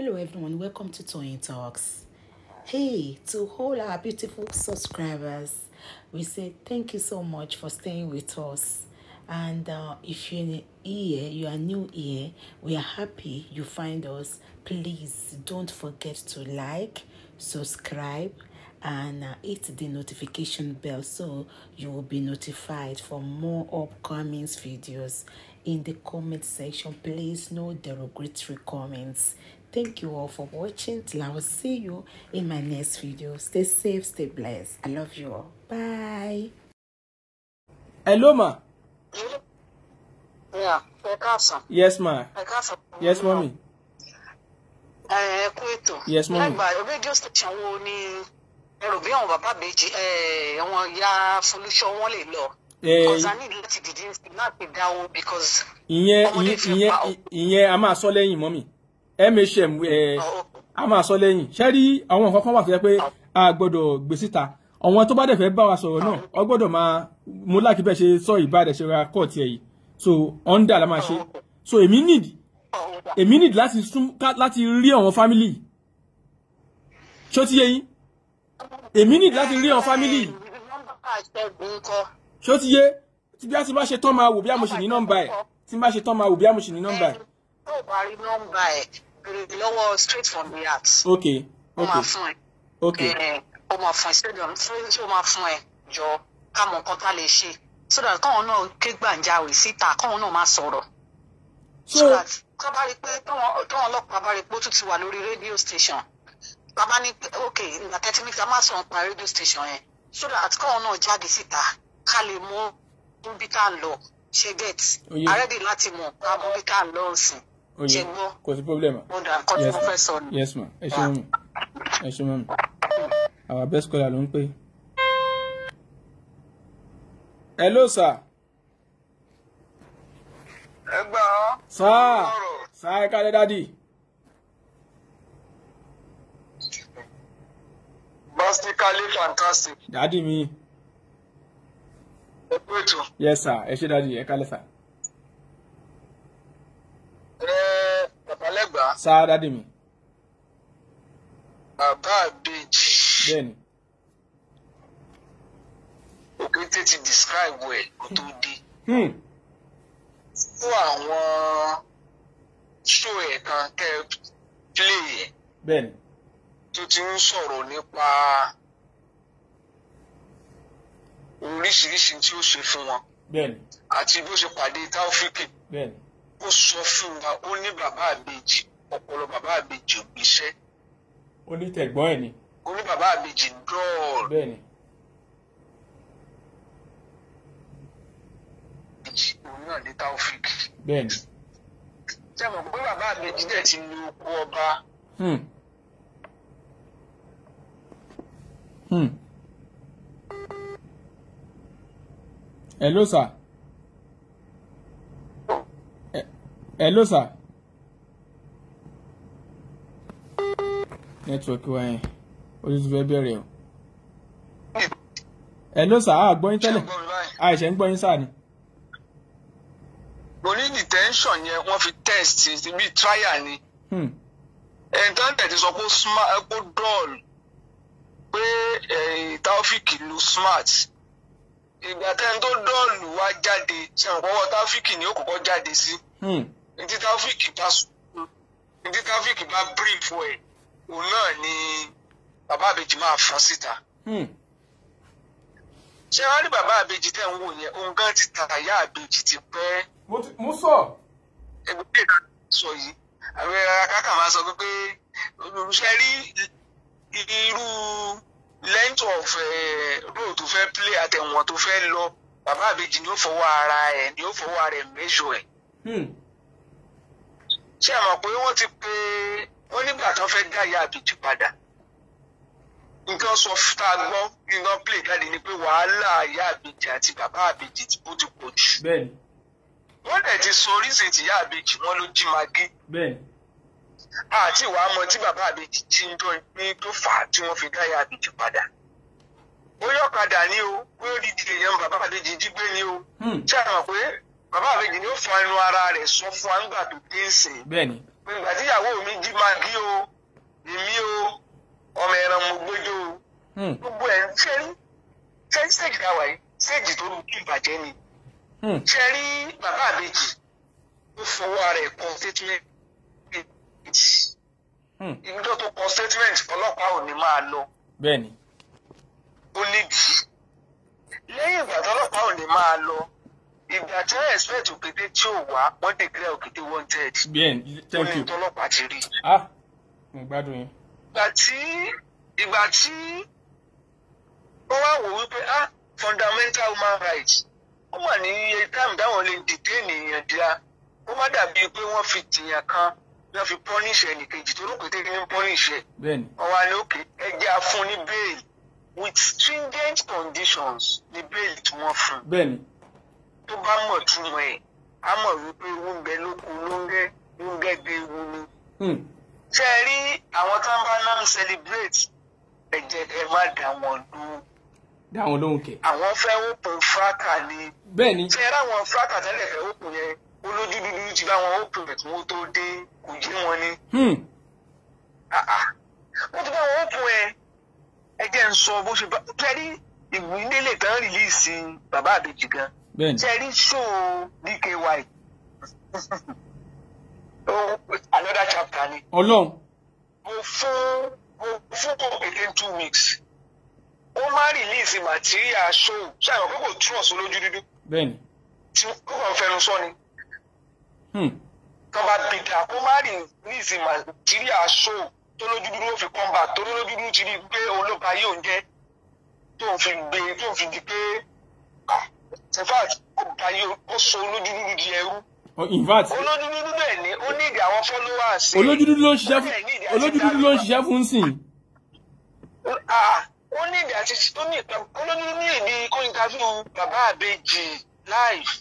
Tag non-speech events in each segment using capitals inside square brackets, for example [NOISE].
Hello everyone, welcome to Toyeen Talks. Hey, to all our beautiful subscribers, we say thank you so much for staying with us. And uh, if you're here, you are new here, we are happy you find us. Please don't forget to like, subscribe, and uh, hit the notification bell so you will be notified for more upcoming videos in the comment section please no derogatory comments Thank you all for watching. Till I will see you in my next video. Stay safe, stay blessed. I love you all. Bye. Hello, ma. Yeah, yes, ma. Yes, mommy. Ẹ kú ètò. Yes, mommy. Lágbà rédíò station wo ni ẹrù bí àwọn bàbá méjì wọn ya solution wọn lè lọ. Kọ̀sánì láti dìde láti dáwó because. Ìyẹn ìyẹn ìyẹn a máa sọ lẹ́yìn mọ́mì. MHM a máa sọ lẹ́yìn ṣé rí àwọn nǹkan kan wà tó yẹ pé a gbọ́dọ̀ gbé síta àwọn tó bá dẹ̀ fẹ́ bá wa sọ̀rọ̀ náà ọ gbọ́dọ̀ máa mo láàkí bẹ́ẹ̀ ṣe sọ ìbáraẹ̀ ṣe ra kọ́ọ̀tì ẹ̀ yìí so under la máa ṣe so èmi need èmi need láti sún láti rí àwọn family ṣó ti yé yín èmi need láti rí àwọn family ṣó ti yé tí bí a ti bá ṣe tán máa wò bí a mo ṣì ní nọ́mbà ẹ̀ tí bá ṣe tán máa wò bí a mo ṣì ní nọ́mbà ẹ̀ béèrè lọ́wọ́ straight from the heart. ok ok ó máa fún ẹ. ok ó máa fún ẹ stadium tí ó máa fún ẹ jọ ká nǹkan tá a lè ṣe so that káwọn náà ké gbàǹjarè síta káwọn náà máa sọ̀rọ̀. so ká bá rí pé táwọn ọlọ́pàá bá rí pé ó tún ti wà lórí radio station bàbá ní ok ìgbà thirty minutes a máa sọ̀rọ̀ pa radio station yẹn so that káwọn náà jáde síta ká lè mú níbi tá lọ ṣe get àrẹ́dì láti mọ̀ ká mọ bí tá lọ sìn ṣe gbọ́ kò sí pọ́blẹ́mù mo dà yes ma ẹ ṣe mọ́mi ẹ ṣe mọ́mi our best caller ló ń pè. hello sir. Sir. Sir, ọ́. sáà sáà basically fantastic. Daddy me. yes sir ẹ ṣe dádì ẹ kálẹ̀ sir. saa dade mi. bàbá àbèjì. bẹ́ẹ̀ni. òkété ti describe ẹ kó tó di. Hmm. fún àwọn ṣó ẹ̀ kan kẹ́ ẹ play ẹ̀. bẹ́ẹ̀ni. tó ti ń sọ̀rọ̀ nípa oríṣiríṣi tí ó ṣe fún wọn. bẹ́ẹ̀ni. àti bó ṣe pàdé Taofik. bẹ́ẹ̀ni. ó sọ fún wa ó ní bàbá àbèjì ọpọlọ bàbá àbèjì gbéṣẹ́. onítẹ̀gbọ́n ẹ̀ ni. oní bàbá àbèjì dọ́ọ̀lù. bẹ́ẹ̀ ni. àbèjì òun náà ní taofik. bẹ́ẹ̀ ni. ṣé mo gbé bàbá àbèjì dẹ̀ ti lu oko ọba. Hmm. Hmm. Hello, sir. Oh. Hello, sir. nẹ́tíwọ̀kì wa yẹn ó ti tún fẹ́ bẹ̀rẹ̀ o. ẹ ló sà á gbọ́ yín tẹ́lẹ̀ àìṣẹ́ ń gbọ́ yín sáà ni. mo ní detention yẹn wọ́n fi test bíi trial ni. Hmm. ẹ̀ńtánẹ̀tì sọ pé ó dọ́ọ̀lù pé taofik lu smart ìgbà tẹ́ni tó dọ́ọ̀lù wá jáde ṣe ìrànwọ́ taofik ni ó kọ́kọ́ jáde sí. Hmm. ní tí taofik bá sùn ní tí taofik bá brief wẹ̀. Well òun náà ni bàbá àbèjì máa fọ́n síta. Hmm. ṣé wàá rí bàbá àbèjì tẹ̀ ń wò yẹn òun gan ti ta àyà àbèjì ti pẹ́. mo sọ. ẹgbẹ́ kéka sọ yìí àwọn akáka máa sọ pé olùṣẹ́ rí irú length of eh, road tó fẹ́ play àtẹ̀wọ̀n tó fẹ́ lọ bàbá àbèjì ni ó fọwọ́ ara ẹ̀ ni ó fọwọ́ ara ẹ̀ méjò ẹ̀. Hmm. ṣé àmọ̀ pé wọ́n ti pe wọ́n nígbà tán fẹ́ dá ìyá àbìtì padà nǹkan sọ tá a gbọ́ iná play jáde ni pé wàhálà ìyá àbìtì àti bàbá àbìtì ó ti pọ̀ jù. wọ́n dẹ̀ ti sọ oríṣìí ti ìyá àbìtì wọn ló jí magí. àti ìwà ọmọ tí bàbá àbìtì ti ń dọ́ ní tó fà á tí wọ́n fi dá ìyá àbìtì padà. bóyá ọ̀kadà ni o bóyá odidi èèyàn bàbá àbìtì jí gbé ni o. Hmm. ṣé àwọn pé bàbá àbìtì ni ó fọ ẹnu ara rẹ̀ sọ fún àǹgbà tó dé ìsìn. ìgbà tíyàwó mi jí magi o èmi o ọmọ ẹran mo gbẹjọ o hmm. gbogbo ẹ̀ ń ṣe rí ṣe ń ṣèjì dáwà yìí ṣèjì tó lu kí ìbàjẹ́ ni hmm. ṣe bàbá àbèjì tó fọwọ́ rẹ̀ ẹ̀ kan statement hmm. ìjọ tó kọ statement ọlọ́pàá ò ní máa lọ. bẹ́ẹ̀ni. ó nídìí lẹ́yìn ìgbà tọ́lọ́pàá ò ní máa lọ. ìgbà tí wọ́n expect òkété tí ò wá wọ́n declare òkété wanted. bien thank you. tọ́lọ́pàá ti rí. ah mo gbádùn yín. ìgbà tí ìgbà tí wọ́n wá wò wípé ah fundamental human rights ó mà ní iye time táwọn lè dìde ènìyàn dira ó má dàbí pé wọ́n fi tìyàn kan wọ́n fi pọ́níṣì ẹnìkejì tó lókèté ní pọ́níṣì ẹ̀. ọ̀wá ni òkè ẹja fún ní with stringent conditions ní bẹ́ẹ̀lì tí wọ́n fún. bẹ́ẹ̀ni tó bá mọ̀ túmọ̀ ẹ̀ á mọ̀ wípé ewu ń bẹ lóko lóńgẹ́ lóńgẹ́ gbé ewu hmm. ni. ṣé ẹ rí àwọn tó ń bá náà celebrate ẹ jẹ́ ẹ má dá wọn lóhùn. dá wọn lóhùn kẹ. àwọn fẹ́ open fraka ni. bẹ́ẹ̀ni. ṣé ẹ ráwọn fraka tẹ́lẹ̀ fẹ́ open yẹn olójú dúdú ti bá wọn open rẹ̀ kí wọ́n tó dé kò yé wọn ni. Hmm. Ah, ah. wọ́n ti bá wọn open ẹ ẹ jẹ́ ń sọ bó ṣe bá tẹ́lí ìgbìndélé kan rìlíìsì bàbá àbèjì gan ṣe rí ṣó DKY [LAUGHS] oh, another chapter Oh no. mo fún mo fún Kokede in two weeks ó máa release material show ṣàyẹ̀wò pé kò túnọ̀ sí olójú dúdú. Ben. tí ó kàn fẹnu sọ ni. Hmm. tọ́ba peter ó máa release material show tó lójú dúdú ó fi kọ́ńbà tó lójú dúdú ti rí i pé olóba yóò ń jẹ́ tó ń fi gbé tó ń fi di pé in fact òǹkà yìí ó so olójúdúdú di ẹrú. Oh, in fact olójúdúdú bẹ́ẹ̀ ni ó ní ìdí àwọn followers. olójúdúdú ló ń ṣiṣẹ́ fún olójúdúdú ló ń ṣiṣẹ́ fún sìn. ó ní ìdí àti ó ní olójúdúdú ní èdè kó interview bàbá àbèjì live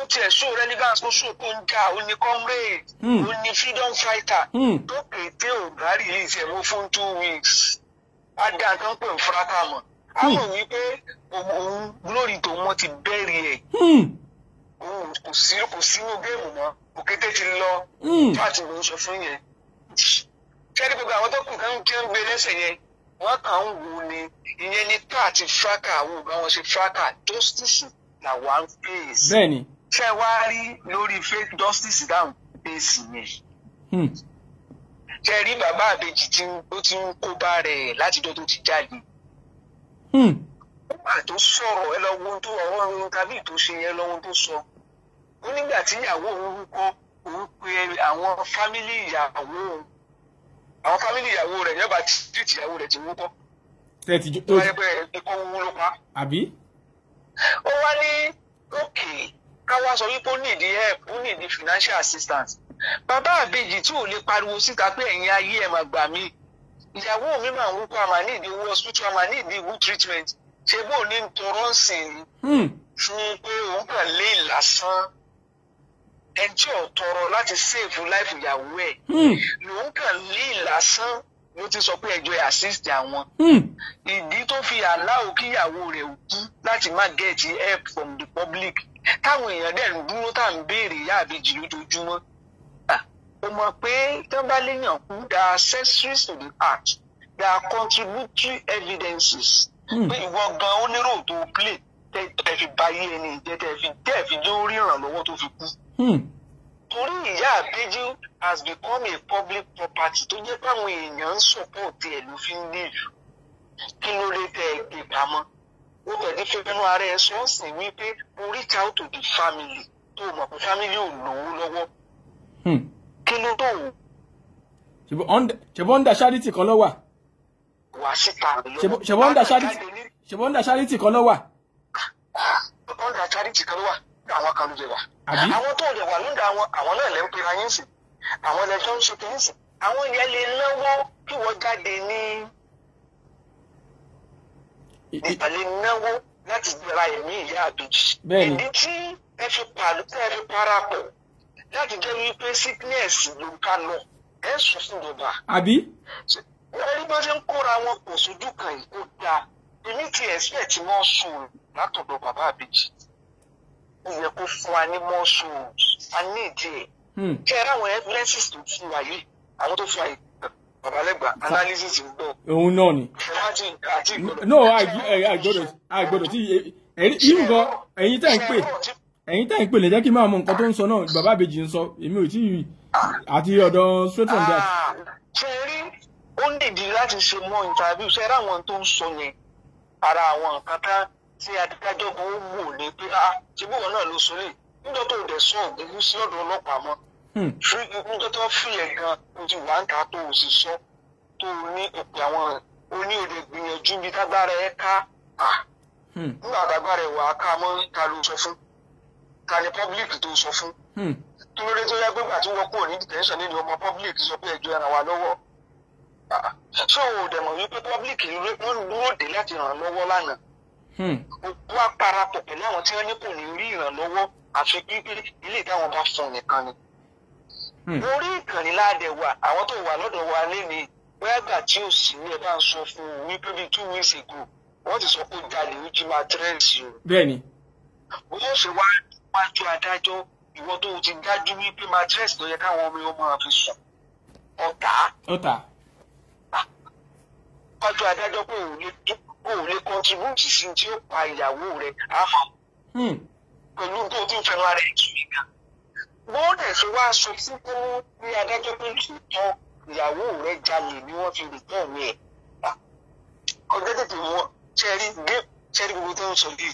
ó tiẹ̀ sọ relevance ó sọ kó ń jà ó ní comrade hmm. ó ní freedom fighter hmm. tó kété ò bá release ẹ̀ mọ́ fún two weeks. adé àtọ́pẹ̀ òfuraka mọ̀ á hmm. rò wípé òun lórí tòun ti bẹ́ẹ̀rì ẹ̀ hmm. Hmm, kò sí kò sínú géèmù mọ́ òkété ti lọ fáàtì ló ń sọ fún yẹn kẹ́rì gbogbo àwọn tó kù kan kí ń gbé lẹ́sẹ̀ yẹn wọ́n kàn ń wò ni ìyẹn ni ká àti fúráká àwọn ògbà wọn ṣe fúráká justice na one face. bẹ́ẹ̀ni. ṣé wá rí lórí justice dáhùn face yẹn. ṣe bàbá àbèjì tí ó ti ń kó bá rẹ̀ látijọ́ tó ti jáde. Hmm. nígbà tó sọ̀rọ̀ ẹ lọ wo tó ọ̀rọ̀ ohun tàbí tó ṣe yẹn lọ ohun tó sọ ó nígbà tí ìyàwó òun wúkọ́ òun pe àwọn fámìlì ìyàwó òun àwọn fámìlì ìyàwó rẹ̀ yọba títí ìyàwó rẹ̀ ti wúkọ́ tó yẹ pé ikọ́ wúwo ló pa. ó wá ní òkè káwá sọ wípé ó nìdí help ó nìdí financial assistance bàbá àbèjì tí ò lè pariwo síta pé ẹ̀yin ayé ẹ̀ máa gbà míì ìyàwó mi máa ń wúkọ́ àmà ní ìdí owó hospital àmà ní ìdí ìwú treatment ṣé bó ní tọrọ ń sìn fún hmm. pé òun kàn lé lásán ẹjọ́ tọrọ láti sèfù láìfù ìyàwó ẹ̀ hmm. lòun kàn lé lásán ló ti sọ pé ẹjọ́ ẹ̀ assist àwọn hmm. ìdí tó fi aláwo kíyàwó rẹ̀ kú láti má get help from the public táwọn èèyàn dẹ̀ ń dúró tá à ń béèrè ìyá àbejì o mọ̀ pé tọ́ba léèyàn kú there are accessories to the act there are contributory evidences hmm. pé ìwọ gan onírò tó play tẹ fi báyé ẹni ìjẹ tẹ fi tẹ fi jó rí ìrànlọ́wọ́ tó fi kú. Hmm. torí ìyá àbẹ́jú has become a public property tó jẹ́ káwọn èèyàn ń sọ̀pọ̀tì ẹ̀ ló fi ń léèlú kí ló lè tẹ ẹgbẹ́ pamọ́ ó tẹ̀lé fẹ́nu ara ẹ̀ sọ́ọ̀sìn wípé mo reach out to the family tó mọ̀ pé family ò lówó lọ́wọ́. Hmm kí ló tó o. ṣebó ń da charity kan ló wà. wà síta ló. ṣebó ń da charity ṣebó ń kan ló wà. ó ń kan ló wà àwọn kan ló lè wà. àwọn tó lè wà lóńdà àwọn àwọn náà lè ń pera yín sí àwọn ẹlẹjọ ń ṣe kìíní sí àwọn yẹn lè náwó kí wọ́n jáde ní ìpàlẹ̀ náwó láti ra ẹ̀mí ìyá àdójì. bẹ́ẹ̀ni ìdí tí ẹ fi para láti jẹ́ wípé sickness ló ń ká lọ ẹ̀ sọ fún ìjọba. àbí. ẹni bá ṣe ń kóra wọn kò sójú kan yìí kó dáa èmi ti expect wọ́n sùn látọ̀dọ̀ bàbá àbèjì ó yẹ kó fún wa ní mọ́ọ̀sù a ní ìdí ẹ̀ kí ẹ ráwọn evidences tó fún wa yìí àwọn tó fún wa yìí babalẹ́gbà analysis ń bọ̀. òun náà ni. no àìgbọ́dọ̀ àìgbọ́dọ̀ tí ẹ̀yin tẹ́ ń pè ẹ̀yin tẹ́ ń pè lè jẹ́ kí n máa mọ nǹkan tó ń sọ náà bàbá àbèjì ń sọ èmi ò tí ì rí àti ọ̀dọ̀ straight ah, from that. ṣe rí ó ń dìdí láti ṣe mọ ìtàbí ṣe rí àwọn tó ń sọ yẹn ara àwọn nǹkan tá tí adájọ́ kan ó wò ní pé a ti bọ̀ náà ló sọ lè tó dẹ̀ sọ ògùn sí ọ̀dọ̀ ọlọ́pàá mọ́ hmm. níjọ́ tó fi gan o ti wà ń ta tó o sì sọ tó o ní ìpè àwọn oní òde gbìyànjú bíi tágbára ẹ ká ah. hmm. nígbà tágbára ẹ wà á ká mọ́ ta ló sọ fún ta ni public tó sọ fún. Hmm. kí ló dé tó yẹ pé gbà tí wọ́n kúrò ní detention nínú ọmọ public sọ pé ẹjọ́ ara wa lọ́wọ́. so ò dẹ̀ mọ̀ wípé public wọ́n dúró dé láti ràn lọ́wọ́ lánàá. òkú hmm. wa parapọ̀ pẹ̀lú àwọn tí wọ́n ní kò ní rí ìrànlọ́wọ́ àfi pípé ilé ìdáwọn bá fún nìkan ni. Hmm. orí ìkànnì láàdẹ̀ wà àwọn tó wà lọ́dọ̀ wa lé wẹ́gbà tí ò sí ní ẹ ń sọ fún un wípé two weeks ago wọ́n ti sọ pé jalè ó jí máa tẹ́rẹ́sì o. bẹ́ẹ̀ni. bó ṣe wá wájú adájọ́ ìwọ tó ti dájú wípé matress ló yẹ káwọn ọmọ ọmọ rẹ fi sùn ọ̀tá. ọ̀tá. wájú adájọ́ pé òun lè òun lè kọtibúùtì sí tí ó pa ìyàwó rẹ̀ àmọ́. Hmm. pẹ̀lú kó o tún fẹ́ràn rẹ̀ kiri gan. wọ́n dẹ̀ fi wá aṣọ fún kó ní adájọ́ pé lóòótọ́ ìyàwó rẹ̀ jalè ni wọ́n fi rìpọ́ọ̀ mi ẹ̀. ọjọ́ tètè wọ́n ṣẹ́rí gbé ṣẹ́rí gbogbo tó ń sọ yìí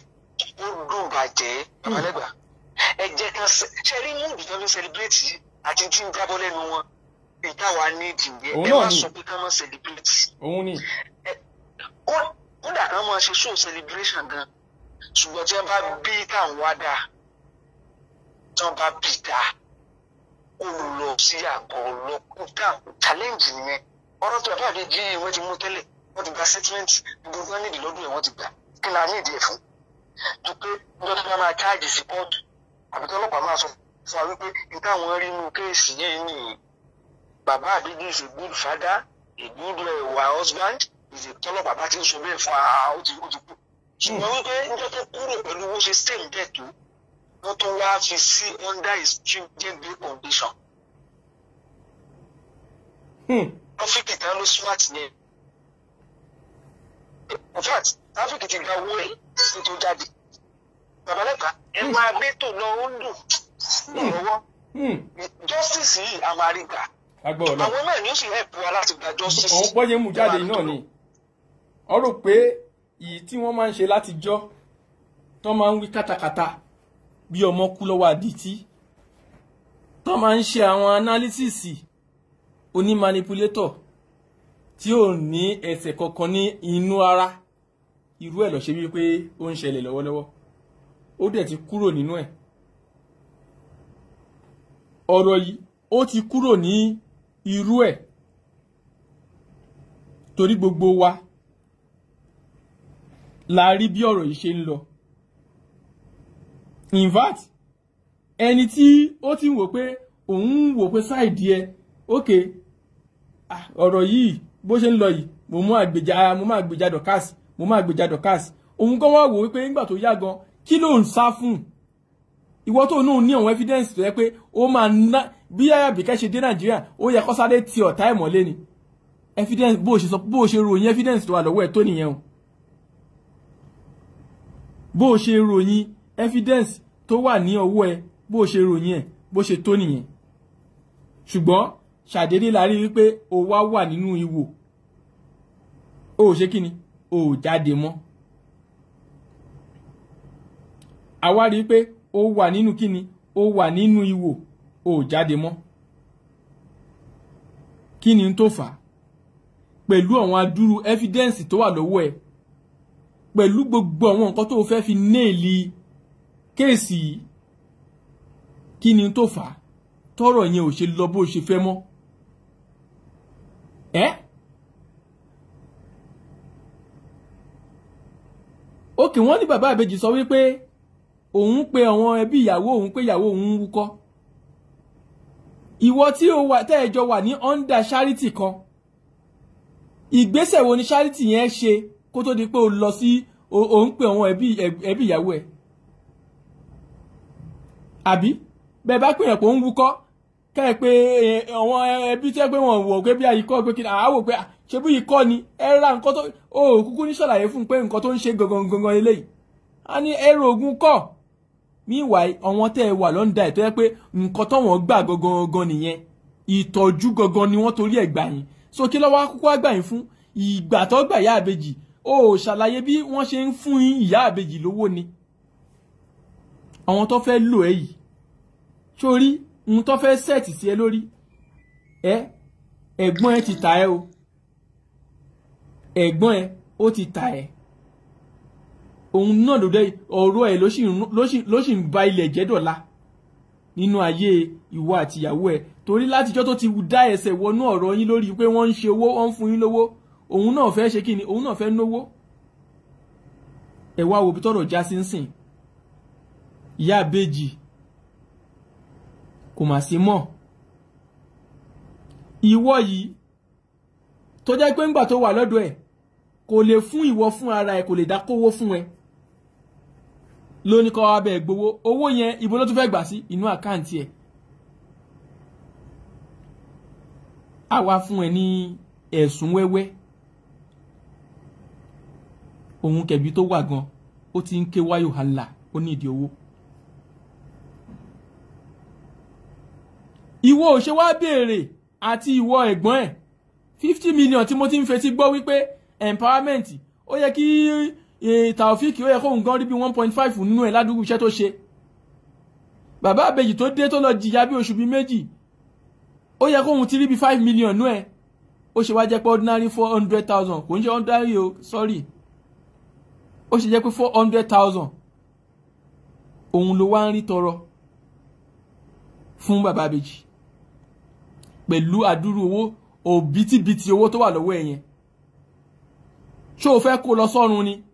ó dùn bàjẹ́ hmm. babalẹ́gbàá ẹ jẹ́ kan ṣe rí múùdù tó fi celebrate yìí àti tí ń jábọ́ lẹ́nu wọn ìtawà ní ìdìbò ẹ má sọ pé ká má celebrate. òun ni. kódà kan máa ṣe show celebration gan ṣùgbọ́n tí wọ́n bá bí táwọn wá dáa tí wọ́n bá bì dáa kó lò lọ sí àgọ́ ọlọ́kùnrin challenge nìyẹn ọ̀rọ̀ tó àbáàdé jí wọ́n ti mú tẹ́lẹ̀ wọ́n ti gba statement gbogbo wọn nídìí lọ́dún ẹ̀ wọ́n ti gbà kí ni a ní ìdí ẹ̀ fún. dùpẹ́ lọ́dún máa máa káàdì sí pọ́ọ̀tù àbí tọ́lọ́pàá máa sọ fún wa wípé ní táwọn rí inú kéèsì yẹn nìyí bàbá àbídí is a good father a good uh, husband is a tọ́lọ́pàá bá ti ń sọ bẹ́ẹ̀ fún wa ó ti ó ti kú ṣùgbọ́n wípé níjọ́ tó kúrò pẹ̀lú bó ṣe stem dẹ̀ tó wọ́n tó wá fi sí under his children day condition. ọ́fíìkì hmm. tán ló smart yẹn in fact tráfíìkì ti gba owó ẹ̀ tó jáde babalẹ́ka ẹnu agbẹ́tò lọ ó ń dùn lọ́wọ́ hmm. hmm. justice yìí a àwọn náà ni ó sì help wa láti gba justice. òun pọ́yé mú jáde náà ni wọ́n rò pé èyí tí wọ́n máa ń ṣe látijọ́ tó máa ń wí kátàkátà bí ọmọ kú lọ́wọ́ àdìtí tó máa ń ṣe àwọn analysisi oní manipulator tí ò ní ẹsẹ̀ kankan ní inú ara irú ẹ̀ ló wípé ó ń ṣẹlẹ̀ lọ́wọ́lọ́wọ́ ó dẹ̀ ti kúrò nínú ẹ̀ ọ̀rọ̀ yìí ó ti kúrò ní irú ẹ̀ torí gbogbo wa la rí bí ọ̀rọ̀ yìí ṣe ń lọ in fact ẹni tí ó ti ń wò pé òun ń wò pé sáìdì ẹ ok ọ̀rọ̀ yìí bó ṣe ń lọ yìí mo mú àgbèjà mo máa gbèjà dọ̀kásì mo máa gbèjà dọ̀kásì òun kàn wá wò wípé nígbà tó yá gan kí ló ń sá fún ìwọ tó náà ní àwọn evidence tó yẹ pé ó máa ná bí Àyàbíkẹ́ ṣe dé Nàìjíríà ó yẹ kó ti ọ̀tá ìmọ́lé ni evidence bó ṣe sọ bó ṣe ròyìn evidence tó wà lọ́wọ́ ẹ̀ tó nìyẹn o bó ṣe ròyìn evidence tó wà ní ọwọ́ ẹ̀ bó ṣe ròyìn ẹ̀ bó ṣe tó nìyẹn ṣùgbọ́n ṣàdédé la rí wípé o wá wà nínú ìwò o ò ṣe kíni o ò jáde mọ́ àwa rí i pé ó wà nínú kíni ó wà nínú ìwò ó jáde mọ́ kí ni tó fà á pẹ̀lú àwọn adúrú ẹ́fídẹ́ǹsì tó wà lọ́wọ́ ẹ̀ pẹ̀lú gbogbo àwọn nǹkan tó fẹ́ fi néèlì kéèsì kí ni tó fà á tọ́rọ̀ yẹn ò ṣe lọ bó ṣe fẹ́ mọ́ ẹ́ òkè wọ́n ní bàbá àbèjì sọ wípé òun pe àwọn ẹbí ìyàwó òun pé ìyàwó òun ń wúkọ́ ìwọ tí ó wà tẹ́ẹ̀jọ wà ní under charity kan ìgbésẹ̀ wo ni charity yẹn ṣe kó tó di pé o lọ sí o ń pe àwọn ẹbí ìyàwó ẹ̀ àbí bẹ́ẹ̀ bá pèèyàn pé ó ń wúkọ́ kẹ́ ẹ pé àwọn ẹbí tí ẹ pé wọ́n wọ̀ pé bí àyíkọ́ pé kí ni àá wò pé ṣe bí ikọ́ ni ẹ ra nǹkan tó o kúkú ní ṣàlàyé fún un pé nǹkan tó ń ṣe gangan gangan eléyìí a ní ẹrù ogun kọ́ meanwhile àwọn tẹ́ ẹ wà lọ́ndà ẹ̀ tó yẹ pé nǹkan tọ́wọ́n gbà gangan nìyẹn ìtọ́jú gangan ni wọ́n torí ẹ̀ gbà yín so kí lọ́wọ́ akókó àgbà yín fún ìgbà tó gbà ìyá àbèjì ó ṣàlàyé bí wọ́n ṣe ń fún yín ìyá àbèjì lówó ni àwọn tó fẹ́ lò ẹ́ yìí sórí ohun tó fẹ́ sẹ́ẹ̀tì sí ẹ lórí ẹ ẹ̀gbọ́n ẹ ti tà ẹ o ẹ̀gbọ́n ẹ ó ti tà ẹ òun náà ló dé ọ̀rọ̀ ẹ̀ ló sì ń ba ilẹ̀ jẹ́ dọ̀la nínú ayé ìwọ àtìyàwó ẹ̀ torí látijọ́ tó ti dá ẹsẹ̀ wọnú ọ̀rọ̀ yín lórí pé wọ́n ń ṣe owó wọ́n ń fún yín lówó òun náà fẹ́ ṣe kíni òun náà fẹ́ náwó ẹ wá wo bí tọ̀rọ̀ já sí ń sìn ìyá àbèjì kò mà sí mọ́ ìwọ yìí tó jẹ́ pé ńgbà tó wà lọ́dọ̀ ẹ̀ kò lè fún ìwọ fún ara ẹ̀ kò lè dá kówó fún ẹ ló ní kọ́ abẹ́ gbowó owó yẹn ibo ló tún fẹ́ gbà sí inú àkáǹtì ẹ̀ á wá fún ẹ ní ẹ̀sùn wẹ́wẹ́ òun kẹ̀bi tó wà gan ó ti ń ké wáyò hàlà ó ní ìdí owó. ìwọ ò ṣe wá béèrè àti ìwọ ẹ̀gbọ́n ẹ̀ fifty million tí mo ti ń fetí gbọ́ wípé empowerment ó yẹ kí E, Taofik ó yẹ kóun gan rí bí one point five nínú ẹ̀ ládùúgbò iṣẹ́ tó ṣe bàbá àbèjì tó dé tó lọ jìyà bí oṣù bíi méjì ó yẹ kóun ti rí bíi five million nú ẹ̀ ó ṣe wá jẹ́ pé ordinary four hundred thousand kò ń ṣe ordinary o sorry ó ṣe jẹ́ pé four hundred thousand òun ló wá ń rí tọrọ fún bàbá àbèjì pẹ̀lú àdúrú owó òbítíbitì owó tó wà lọ́wọ́ ẹ̀ yẹn ṣó o fẹ́ kó lọ sọ́run ni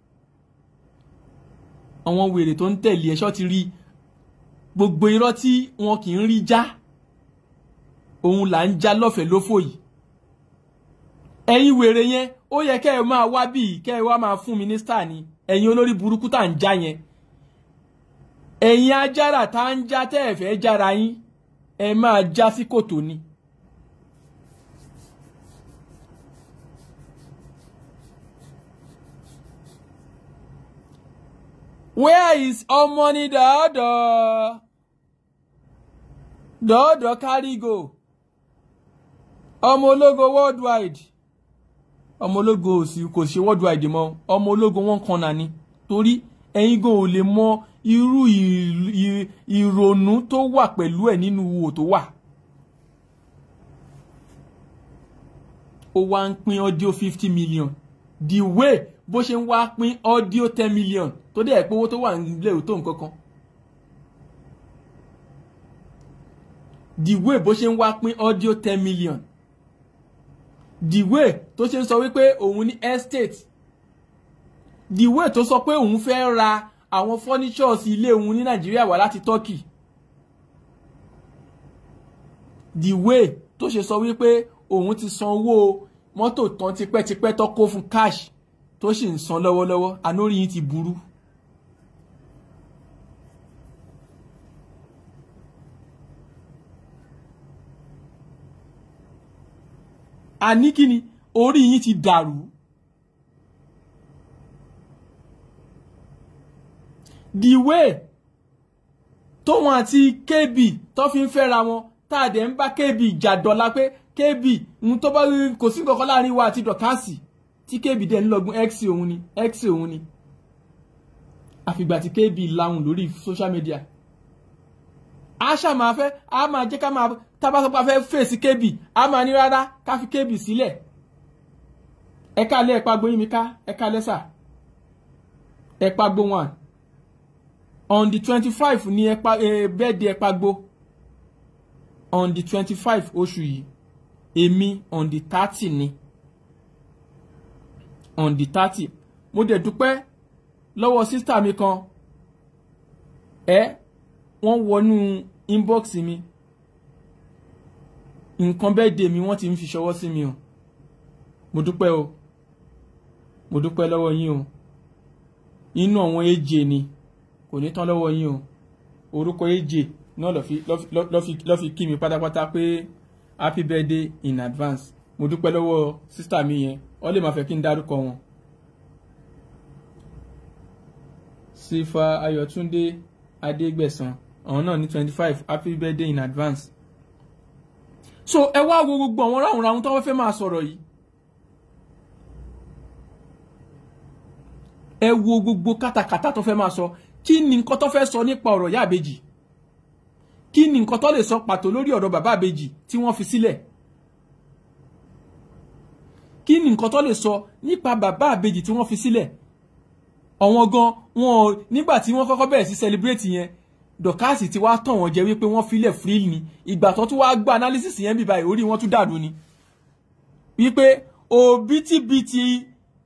àwọn wèrè tó ń tẹ̀lé ẹṣọ́ ti rí gbogbo irọ́ tí wọn kì í rí já òun là ń já lọ́fẹ̀ẹ́ lófò yìí ẹ̀yin wèrè yẹn ó yẹ kẹ́ ẹ máa wá bíi kẹ́ ẹ wá máa fún mínísítà ni ẹ̀yin olórí burúkú tá à ń já yẹn ẹ̀yin ajára tá à ń já tẹ́ ẹ jára yín ẹ máa já sí kòtò ni. Where is Omoni Dodo? Dodo carry go. Ọmọ ológo worldwide. Ọmọ ológo sì kò ṣe worldwide mo Ọmọ ológo wọn kan na ni. tori ẹ̀yin go ò lè mọ irú ìrònú tó wà pẹ̀lú ẹ̀ nínú wo tó wà. Ó wá ń pín ọdíò million. The way bó ṣe ń wá pín ọ́díò ten million tó dẹ̀ pé owó tó wà nílé ò tó nǹkan kan. the way bó ṣe ń wá pín ọ́díò ten million the way tó ṣe ń sọ wípé òun ní estate the way tó sọ pé òun fẹ́ ra àwọn furnitures ilé òun ní Nàìjíríà wá láti Turkey the way tó ṣe sọ wípé òun ti san owó mọ́tò tán tipẹ́tipẹ́ tó kó fún cash tó sì ń san lọ́wọ́lọ́wọ́ anórí yín ti burú. àní kí ni orí yín ti dàrú. the way tóun àti kb tó fi ń fẹ́ra wọn tá a dẹ̀ ń bá kb jà pé kb ń tó bá kò sí nǹkan láàrin wa àti dọ̀kásì tí kb dẹ̀ ń lọ́gun x òun ni x òun ni àfìgbà tí kb lahùn lórí social media a ṣà máa a máa jẹ́ ká máa tábàsọ́pá fẹ́ fèsì kb a máa ní rárá ká fi kb sílẹ̀ ẹ̀ka lẹ́ ẹ̀pa gbóyin mi ká ẹ̀ka lẹ́sà ẹ̀pa gbó one on the twenty five ni ẹ̀pa bẹ́ẹ̀dì ẹ̀pa gbó on the twenty five oṣù yìí èmi on the thirty ni on the thirty mo dẹ̀ dúpẹ́ lọ́wọ́ sísítà mi kan ẹ wọ́n wọnú inbox mi nǹkan bẹ́ẹ̀ dè mí wọ́n ti ń fi ṣọwọ́ sí mi o mo dúpẹ́ o mo dúpẹ́ lọ́wọ́ yín o inú àwọn èjè ni kò ní tán lọ́wọ́ yín o orúkọ èjè náà lọ́ fi kí mi pátápátá pé happy birthday in advance mo dúpẹ́ lọ́wọ́ sísítà mi yẹn ọ lè máa fẹ́ kí n dárúkọ wọn. sifa ayotunde adégbẹ̀san àwọn náà ní twenty five happy birthday in advance. so ẹ wá wo gbogbo àwọn ráhùnráhùn tó wọ́n fẹ́ máa sọ̀rọ̀ yìí. ẹ wo gbogbo kátàkátà tó fẹ́ máa sọ kí ni nǹkan tó fẹ́ sọ nípa ọ̀rọ̀ ìyá àbèjì kí ni nǹkan tó lè sọ pàtó lórí ọ̀rọ̀ bàbá àbèjì tí wọ́n fi sílẹ̀. Si kí ni nǹkan tó lè sọ nípa bàbá àbejì tí wọ́n fi sílẹ̀ ọ̀wọ́n gan wọn nígbà tí wọ́n kọ́kọ́ bẹ̀rẹ̀ sí celebrate yẹn dọ̀kásì ti wá tàn wọ́n jẹ wípé wọ́n filẹ̀ free ni ìgbà tó tún wáá gba analysis yẹn bíbá ìhórí wọn tún dàrú ni wípé òbítíbitì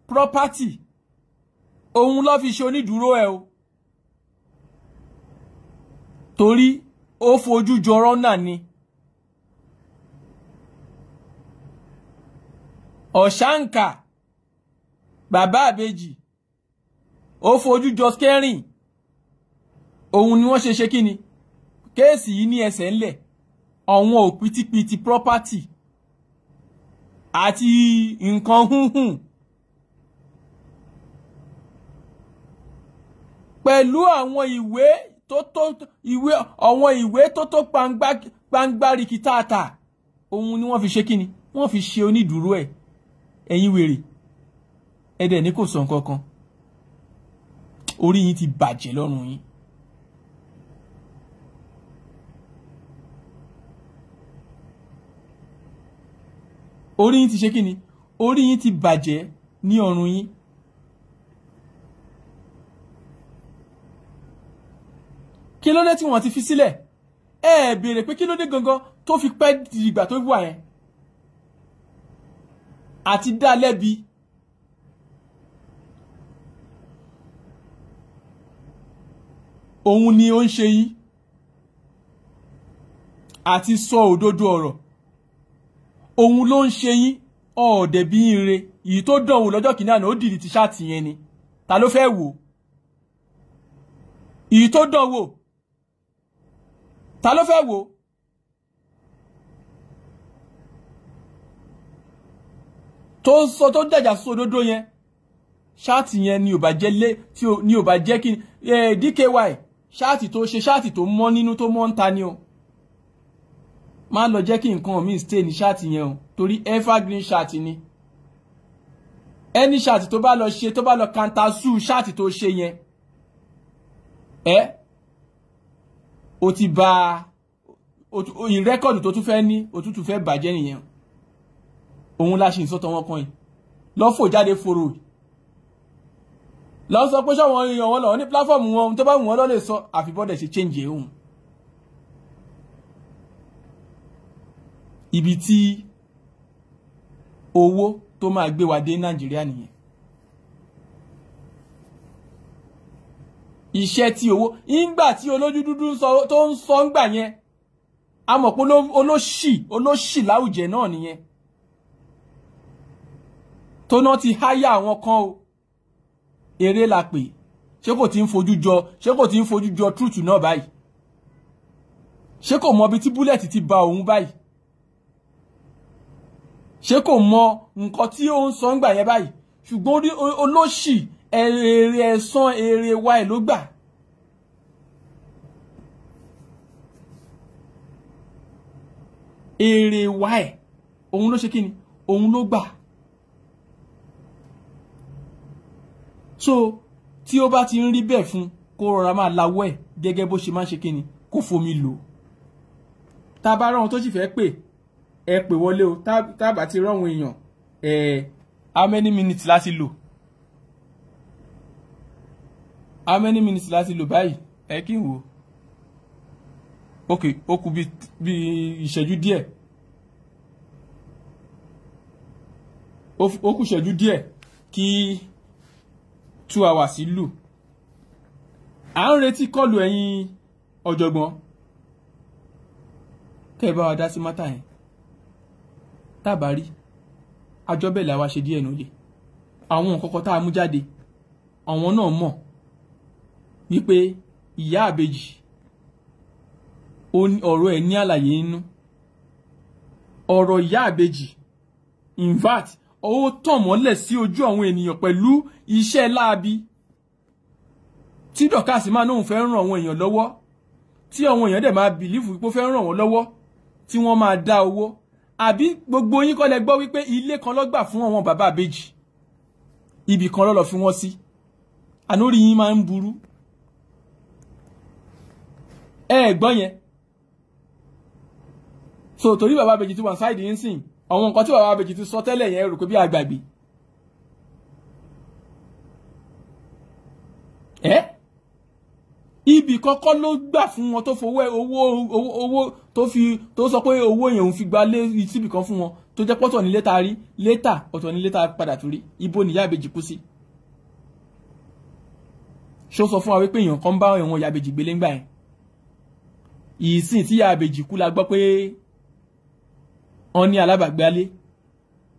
property òun ló fi ṣe onídùúró ẹ o torí ó fojú jọrọ náà ni ọ̀ṣánkà bàbá àbejì ó fojú jọ skẹ́rìn òun ni wọ́n ṣe ṣe kí ni kéèsì yìí ní ẹsẹ̀ ńlẹ̀ ọ̀wọ́n òpítípitì property àti nǹkan húnhùn pẹ̀lú àwọn ìwé tó tó ìwé àwọn ìwé tó tó pangba pangbarikitata òun ni wọ́n fi ṣe kí ni wọ́n fi ṣe onídùúró ẹ̀ ẹ̀yin wèrè ẹ̀dẹ̀ ní kò sọ nǹkan kan orí yín ti bàjẹ́ lọ́rùn yín. orí yín ti ṣe kíni orí yín ti bàjẹ́ ní ọrùn yín. kí ló dé tí wọ́n ti fi sílẹ̀ ẹ béèrè pé kí ló dé gangan tó fi pẹ́ dìgbà tó wà yẹn àti dá lẹ́bi òun ni ó ń ṣe yín àti sọ òdodo ọ̀rọ̀ òun ló ń ṣe yín ọ̀ọ́dẹ̀ bí ń re yìí tó dọ̀wò lọ́jọ́ kìíní àná ó dìrì ti ṣáàtì yẹn ni ta ló fẹ́ wò yìí tó dọ̀wò ta ló fẹ́ wò. tó ń sọ tó ń dàjà sọ òdodo yẹn ṣáàtì yẹn ni ò bá jẹ́ lé tí ò bá jẹ́ kí eh, DKY ṣáàtì tó ṣe ṣáàtì tó mọ́ nínú tó mọ́ ń ni o má lọ jẹ́ kí nǹkan mi stay ní ṣáàtì yẹn o torí evergreen ṣáàtì ni ẹni ṣáàtì tó bá lọ ṣe tó bá lọ kanta su ṣáàtì tó ṣe yẹn ẹ eh, o ti ba ìrẹ́kọ̀dù tó tún fẹ́ ní o tún tún nìyẹn òun la ṣe ìsọtọ̀ wọn kan yìí lọ́ fò jáde foro yìí lọ́ sọ pé sọ́wọ́n èèyàn wọn lọ́wọ́ ní pílàfọ́ọ̀mù wọn tó bá wù wọ́n lọ́ lè sọ àfibọ́dẹ̀ ṣe change òun. ibi tí owó tó máa gbé wa dé nàìjíríà nìyẹn. iṣẹ́ tí owó ńgbà tí olójú dúdú tó ń sọ ńgbà yẹn a olóṣì olóṣì láwùjẹ náà nìyẹn tóná ti háyà àwọn kan o eré la pè ṣé kò ti ń fojú jọ ṣé kò ti ń fojú jọ truth náà báyìí ṣé kò mọ ibi tí búlẹ̀tì ti ba òun báyìí ṣé kò mọ nǹkan tí ó ń sọ ń gbà yẹn báyìí ṣùgbọ́n olóṣì èrè ẹ̀sán èrè wa ẹ̀ ló gbà. èrè wa ẹ̀ òun ló ṣe kí ni òun ló gbà. so tí ó bá ti ń rí bẹ́ẹ̀ fún kó rọra máa lawọ́ ẹ̀ gẹ́gẹ́ bó ṣe máa ń ṣe kíni kó fomi lò tá a bá ráwọn tó sì fẹ́ pè ẹ pè wọlé o tá a bá ti ráwọn èèyàn ẹ how many minutes láti lò how many minutes láti lò báyìí ẹ kí n wò ok ó kù bí ìṣẹ́jú díẹ̀ ó kù ìṣẹ́jú díẹ̀ kí two hours lù à ń retí kọlù ẹ̀yin ọ̀jọ̀gbọ́n kẹ́ ẹ bá wa dá sí mátà yẹn tábà rí àjọ bẹ́ẹ̀ làwa ṣe díẹ̀ nulẹ̀ àwọn nǹkan kan tá a mú jáde àwọn náà mọ̀ wípé ìyá àbejì ọ̀rọ̀ ẹ̀ ní àlàyé nínú ọ̀rọ̀ ìyá àbejì in fact ó tàn mọ́lẹ̀ sí ojú àwọn ènìyàn pẹ̀lú iṣẹ́ láabi tí dọ̀kásì máa náà fẹ́ ràn àwọn èèyàn lọ́wọ́ tí àwọn èèyàn dẹ̀ máa bìlífù pé ó fẹ́ ràn wọ́n lọ́wọ́ tí wọ́n máa dá owó àbí gbogbo yín kọ́ lẹ gbọ́ wípé ilé kan lọ́gbà fún àwọn bàbá àbèjì ibì kan lọ́lọ́ fi wọ́n sí ànórí yín máa ń burú ẹ yẹn so torí bàbá àbèjì ti wà sáìdì yín sìn àwọn nǹkan tí bàbá abèjì ti sọ tẹ́lẹ̀ yẹn rò pé bí àgbàgbé ẹ ibì kọ́kọ́ ló gbà fún wọn tó fowó owó owó tó fi tó sọ pé owó yẹn òun fi gba lé síbì kan fún wọn tó jẹ́ pọ́tọ̀ ní létà rí létà ọ̀tọ̀ ní létà padà tó rí ibo nìyá àbèjì kú sí ṣó sọ fún wa wípé èèyàn kan bá ẹ̀wọ̀n ìyá àbèjì gbélé ńgbà yẹn ìsìn tí ìyá àbèjì kú la gbọ́ pé wọ́n ní alábàgbálé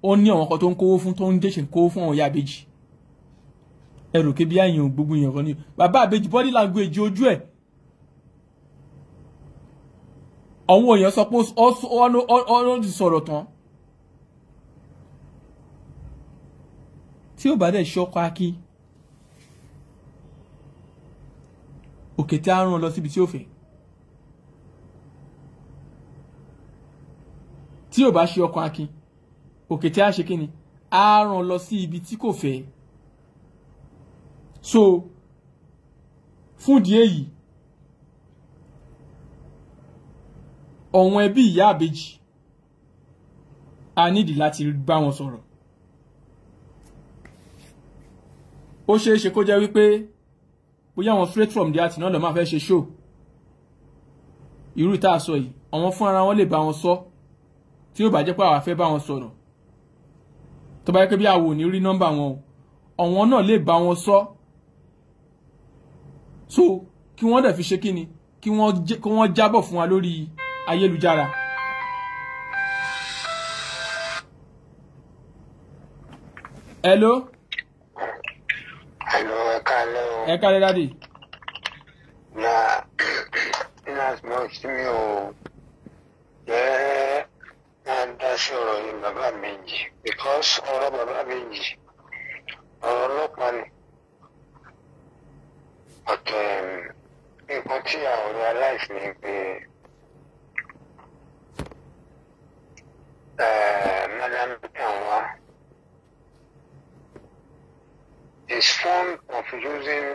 ó ní àwọn kan tó ń kówó fún tó ń jẹ́sẹ̀ kówó fún àwọn ìyá àbèjì ẹrù kébí àyàn ò gbogbo èèyàn kan ní bàbá àbèjì body language ojú ẹ̀ àwọn èèyàn sọ pé ọ̀nà ti sọ̀rọ̀ tán tí ó bá dẹ̀ ṣọ́kọ akí òkè tí a rán lọ síbi tí ó fẹ́ tí ò bá ṣe ọkàn akin òkè tí a ṣe kíni á ràn lọ sí ibi tí kò fẹ́ so fún ìdí èyí ọ̀wọ́n ẹbí ìyá àbejì a nídìí láti bá wọn sọ̀rọ̀ ó ṣeé kó jẹ́ wípé bóyá àwọn straight from the heart náà lọ́ máa fẹ́ ṣe show irú ìta àsọ yìí àwọn fún ara wọn lè bá wọn sọ. So tí yóò bá jẹ́ pé àwa fẹ́ bá wọn sọ̀rọ̀ tó bá yẹ pé bí àwo ní rí nọ́mbà wọn ọ̀wọ́n náà lè bá wọn sọ so kí wọ́n dẹ̀ fi ṣe kí ni kí wọ́n jábọ̀ fún wa lórí ayélujára. hello. hello ẹ kálẹ́ o. ẹ kálẹ́ dádì. na nurse mo ṣí mi o. Baba Minji because Aura Baba Minji ọ̀rọ̀ ọlọ́pàá but ọ̀tọ̀ nǹkan tí àwọn realize ni pé madam Tanwa is fond of using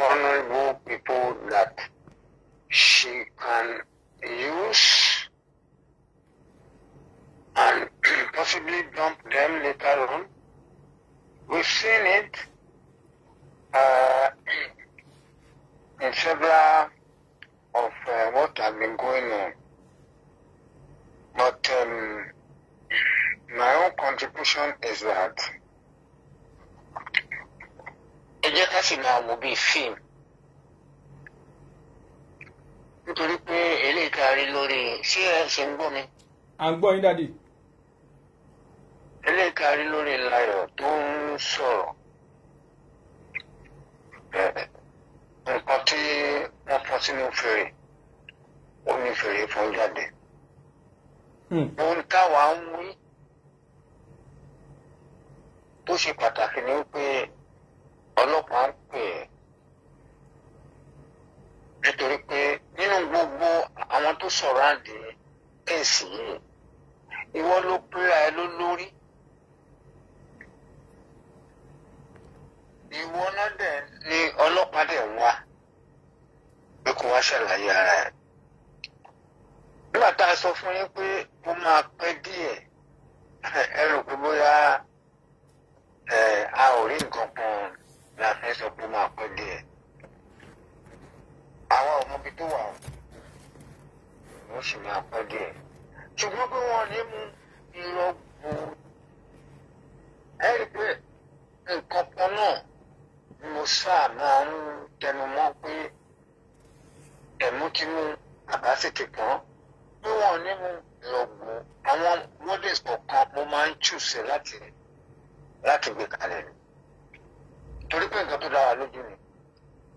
vulnerable people that she can use and possibly dump them later on. We've seen it uh, [CLEARS THROAT] in several of uh, what has been going on. But um, [CLEARS THROAT] my own contribution is that Ejekasi now will be film. Nítorí pé eléyìí tá lórí ṣé ń gbọ́ mi? À ń gbọ́ yín dáàdi eléyìí tá a rí lórí Láyọ̀ tó ń sọ̀rọ̀ nǹkan tí wọ́n fọ́n sínú fèrè ó ní fèrè fún jáde hmm. ohun táwa ń wí tó ṣe pàtàkì ni pé ọlọ́pàá ń pè é nítorí pé nínú gbogbo àwọn tó sọ̀rọ̀ àdìyẹ kẹ̀sì yìí ìwọ ló pera ẹ ló ìwọ náà dẹ̀ ni ọlọ́pàá dẹ̀ wá pé kó wá ṣàlàyé ara ẹ̀ nígbà tá a sọ fún yín pé mo máa pẹ́ díẹ̀ ẹ rò pé bóyá a ò rí nǹkan kan la fẹ́ sọ pé máa pẹ́ díẹ̀ àwa ò mọbi tó wà o wọ́n sì máa pẹ́ díẹ̀ ṣùgbọ́n pé wọ́n ní mú irọ́ gbòó ẹ rí i pé nǹkan kan náà mo sáà máa ń tẹnu mọ́ pé ẹ̀mú ti mú àbá sì ti pọ́n bí wọ́n ní mo lọ́gbọ̀n àwọn models kọ̀ọ̀kan mo máa ń ṣùṣe láti láti gbé kalẹ̀ ni torí pé nǹkan tó dára lójú ni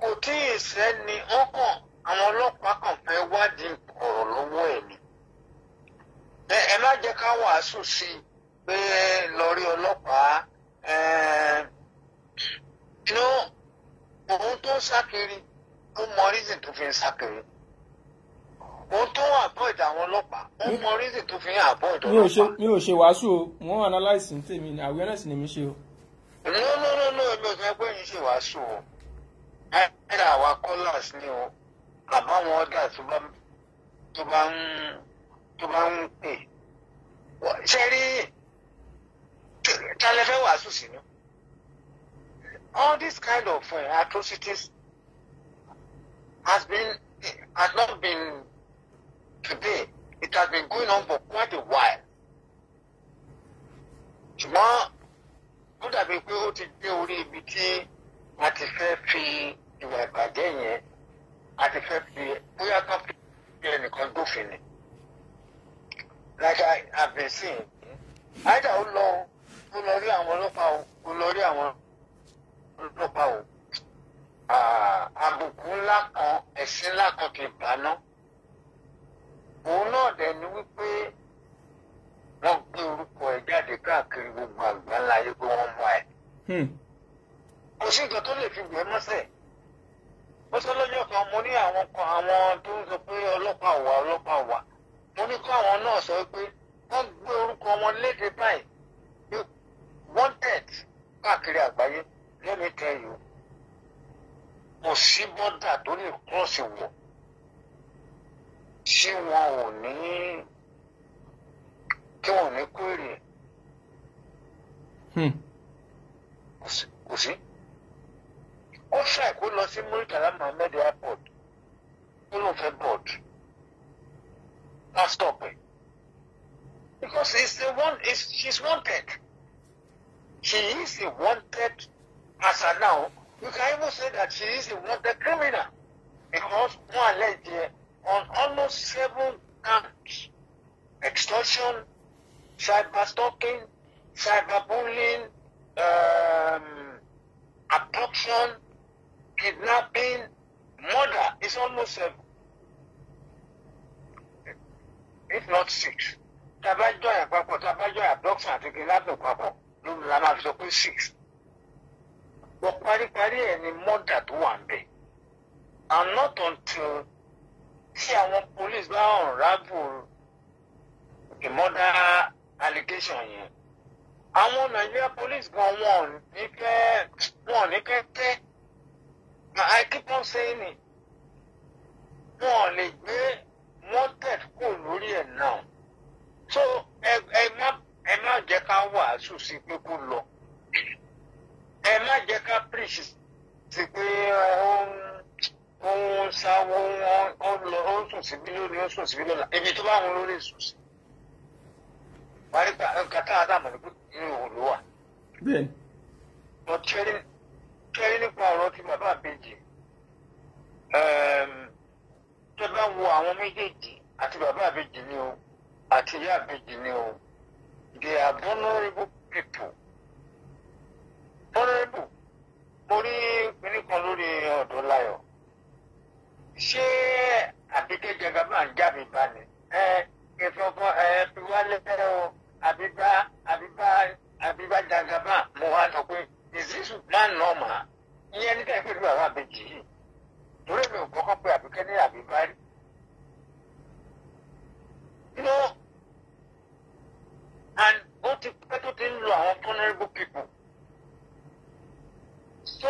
kò tí ì sẹ́ni ọkàn àwọn ọlọ́pàá kan fẹ́ wádìí ọ̀rọ̀ lọ́wọ́ ẹ̀ ni ẹ má jẹ́ ká wàásù sí i pé lọ rí ọlọ́pàá you know òun tó ń sákiri ó mọ reason tó fi ń sákiri òun tó ń avoid àwọn ọlọ́pàá ó mọ reason tó fi ń avoid ọlọ́pàá. mi ò ṣe wàásù o wọ́n analyse ní tèmi ni awareness ni mi ṣe o. no no no no èmi ò fẹ́ pé ṣe wàásù o ẹ̀ẹ́dà àwa callers ni o àbáwọn ọ̀dà tó bá tó bá ń tó bá ń pè ṣe rí tálẹ́fẹ́ wàásù sínú all these kind of uh, atrocities has been has not been today. It has been going on for quite a while. Ṣùgbọ́n ó dàbí pé ó ti dé orí ibi tí a ti fẹ́ fi ìwà ìbàjẹ́ yẹn a ti fẹ́ fi bóyá ká fi ẹnìkan dófin ni. Like I have been seeing, either ó lọ ó lọ rí àwọn ọlọ́pàá ó lọ rí àwọn ẹ̀sìn ńlá kan kì í bàánú òun náà dẹ̀ ni wípé wọ́n gbé orúkọ ẹ̀ jáde káàkiri gbogbo àgbà ńlá ayé pé wọ́n mú ẹ̀. Hmm. kò sí nǹkan tó lè fi wẹ̀ mọ́sẹ̀ ó sọ lọ́jọ́ kan mo ní àwọn kan àwọn tó ń sọ pé ọlọ́pàá wà ọlọ́pàá wà mo ní kó àwọn náà sọ pé wọ́n gbé orúkọ wọn léde báyìí wanted káàkiri àgbáyé let me tell you kò sí bọ́dà tó lè kọ́ọ̀sì wọ̀ tí wọn ò ní kí wọn ò ní hmm. kú èrè kò sí. ó ṣàì kó lọ sí Murtala Mohammed airport ó lóun fẹ́ board laptop ẹ̀ because he's the one he's, she's wanted she is the wanted as of now You can even say that she is a wanted criminal because more or there on almost seven counts extortion, cyberstalking, cyberbullying, um, abduction, kidnapping, murder It's almost seven. If not six. Tabajọ́ àpapọ̀, tabajọ́ abduction àti kidnapping papọ̀ ló ń la máa fi sọ pé six but paríparí ẹ̀ ni mọ́dà tó wà ń bẹ̀ and not until tí àwọn police bá unravel the murder allegation yẹn àwọn Nigeria police gan wọn ò ní kẹ́ wọn ò ní kẹ́ tẹ́ I keep on saying it wọn ò lè gbé wanted kò lórí ẹ̀ náà so ẹ ẹ má ẹ má jẹ́ ká wàásù sí pé kó lọ ẹ má jẹ́ ká preach sí pé ó ń sáwó ó ń lọ ó ń sùn síbí lónìí ó ń sùn síbí lọ́la ibi tó bá wọn ló lè sùn sí. wàá rí kàtà àdàmọ̀ ní òòlù wà. bẹ́ẹ̀ni. mo tẹ́rí nípa ọ̀rọ̀ tí bàbá àbèjì tẹ́ bá wo àwọn méjèèjì àti bàbá àbèjì ni o àti ìyá àbèjì ni o they are vulnerable people honourable mo rí kinní kan lórí Ọdúnláyọ̀ ṣé Àbíkẹ́ Jagaban máa ń jáde balẹ̀ ẹ ìfọ̀kọ ẹ fi wá lẹ́tẹ̀rẹ̀ o Àbíbá Àbíbá Àbíbá Jagaban mo wá sọ pé ìzísù náà nà ọ́ mà ìyẹn nígbà pé ní bàbá mi jì í torí mi ò kọ́kọ́ pé Àbíkẹ́ ní Àbíbá rí. and ó ti pẹ́ tó ti ń lo àwọn vulnerable people. So,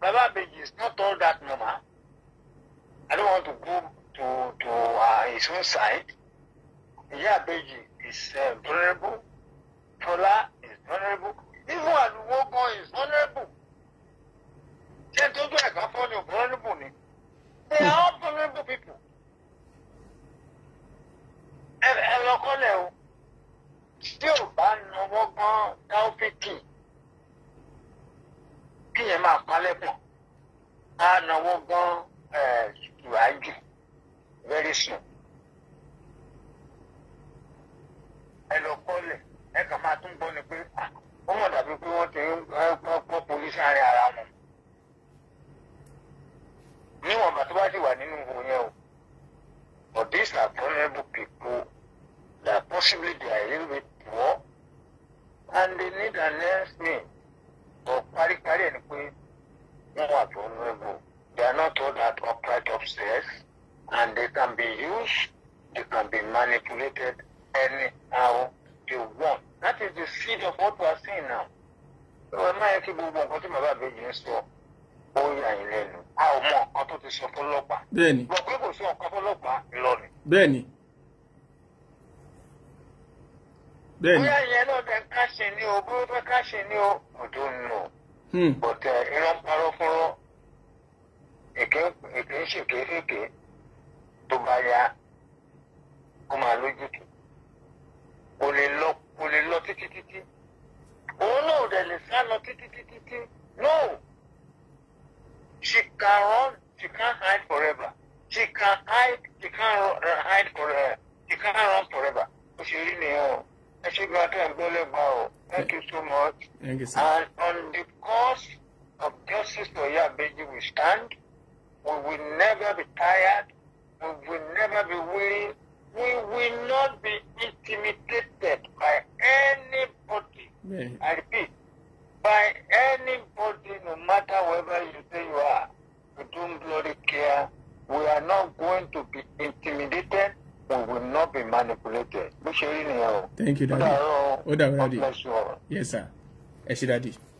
Baba Beji is not all that normal. I don't want to go to, to uh, his own side. Yeah, Beji is uh, vulnerable. Tola is vulnerable. Even Aluwo bẹ́ẹ̀ni bóyá ìyẹn náà tẹ ká ṣe ní o bóyá tẹ ká ṣe ní o òdo nù. bọ̀tẹ̀ irọ́ ń parọ́ fúnrọ́ èké èké ń ṣèké èké tó bá yá kó máa lójútùú kò lè lọ kò lè lọ títí títí òun náà ò dẹ̀ lè sá lọ títí títí títí no she can run she can hide forever she can hide she can hide forever eh, she can run forever ó ṣe rí nìyẹn o. Thank you so much. Thank you, sir. And on the course of justice for Yabeji, we stand. We will never be tired. We will never be weary. We will not be intimidated by anybody. Yeah. I repeat, by anybody, no matter wherever you say you are. We don't bloody care. We are not going to be intimidated will not be manipulated. thank you daddy ó daddy yes sir ẹ ṣé daddy.